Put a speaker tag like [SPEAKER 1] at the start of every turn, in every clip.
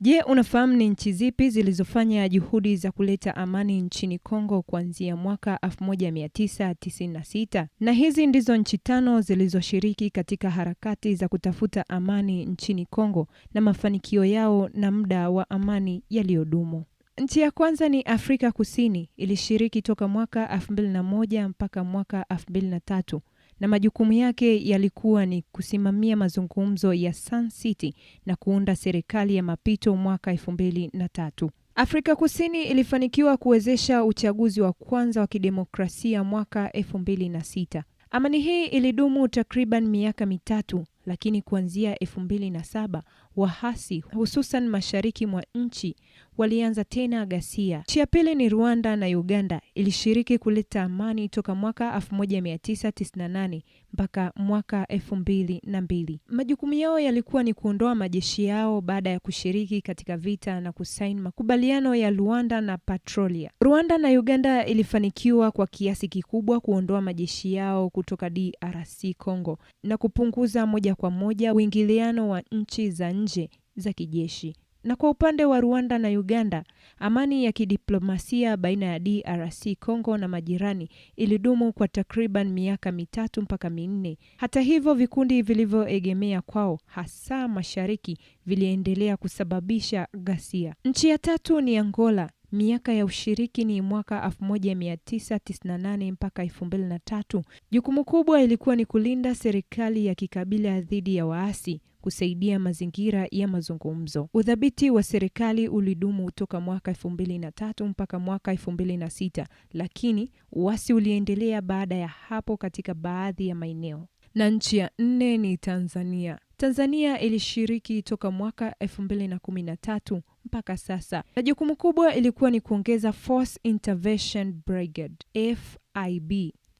[SPEAKER 1] Je, unafahamu ni nchi zipi zilizofanya juhudi za kuleta amani nchini Kongo kuanzia mwaka 1996? Na hizi ndizo nchi tano zilizoshiriki katika harakati za kutafuta amani nchini Kongo na mafanikio yao na muda wa amani yaliyodumu. Nchi ya kwanza ni Afrika Kusini, ilishiriki toka mwaka 2001 mpaka mwaka 2003 na majukumu yake yalikuwa ni kusimamia mazungumzo ya Sun City na kuunda serikali ya mapito mwaka elfu mbili na tatu. Afrika Kusini ilifanikiwa kuwezesha uchaguzi wa kwanza wa kidemokrasia mwaka elfu mbili na sita. Amani hii ilidumu takriban miaka mitatu, lakini kuanzia elfu mbili na saba wahasi hususan mashariki mwa nchi walianza tena ghasia. pili ni Rwanda na Uganda ilishiriki kuleta amani toka mwaka 1998 mpaka mwaka 2002. Majukumu yao yalikuwa ni kuondoa majeshi yao baada ya kushiriki katika vita na kusaini makubaliano ya Rwanda na Patrolia. Rwanda na Uganda ilifanikiwa kwa kiasi kikubwa kuondoa majeshi yao kutoka DRC Congo na kupunguza moja kwa moja uingiliano wa nchi za nje za kijeshi. Na kwa upande wa Rwanda na Uganda, amani ya kidiplomasia baina ya DRC Congo na majirani ilidumu kwa takriban miaka mitatu mpaka minne. Hata hivyo, vikundi vilivyoegemea kwao hasa mashariki viliendelea kusababisha ghasia. Nchi ya tatu ni Angola. Miaka ya ushiriki ni mwaka 1998 mpaka 2003. Jukumu kubwa ilikuwa ni kulinda serikali ya kikabila dhidi ya waasi kusaidia mazingira ya mazungumzo. Udhabiti wa serikali ulidumu toka mwaka elfu mbili na tatu mpaka mwaka elfu mbili na sita lakini uasi uliendelea baada ya hapo katika baadhi ya maeneo. Na nchi ya nne ni Tanzania. Tanzania ilishiriki toka mwaka elfu mbili na kumi na tatu mpaka sasa, na jukumu kubwa ilikuwa ni kuongeza Force Intervention Brigade FIB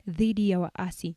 [SPEAKER 1] dhidi ya waasi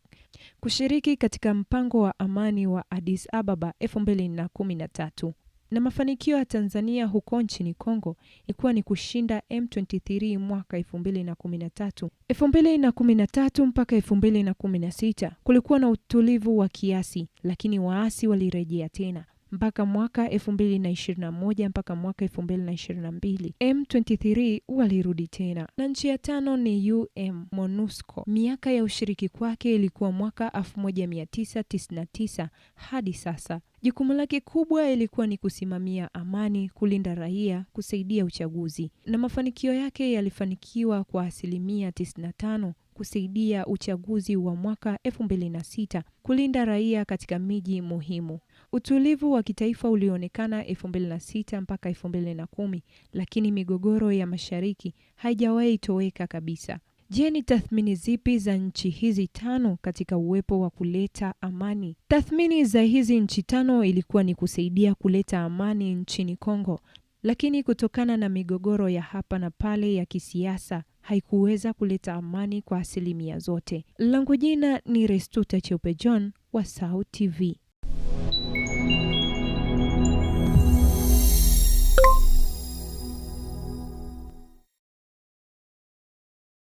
[SPEAKER 1] kushiriki katika mpango wa amani wa Addis Ababa 2013 na mafanikio ya Tanzania huko nchini Kongo ilikuwa ni kushinda M23 mwaka 2013. 2013 mpaka 2016 kulikuwa na utulivu wa kiasi, lakini waasi walirejea tena mpaka mwaka 2021 mpaka mwaka 2022. M23 walirudi tena. Na nchi ya tano ni UM MONUSCO. Miaka ya ushiriki kwake ilikuwa mwaka 1999 hadi sasa. Jukumu lake kubwa ilikuwa ni kusimamia amani, kulinda raia, kusaidia uchaguzi, na mafanikio yake yalifanikiwa kwa asilimia 95 kusaidia uchaguzi wa mwaka elfu mbili na sita kulinda raia katika miji muhimu. Utulivu wa kitaifa ulioonekana elfu mbili na sita mpaka elfu mbili na kumi lakini migogoro ya mashariki haijawahi toweka kabisa. Je, ni tathmini zipi za nchi hizi tano katika uwepo wa kuleta amani? Tathmini za hizi nchi tano ilikuwa ni kusaidia kuleta amani nchini Kongo, lakini kutokana na migogoro ya hapa na pale ya kisiasa haikuweza kuleta amani kwa asilimia zote. Langu jina ni Restuta Cheupe John wa SAUT TV.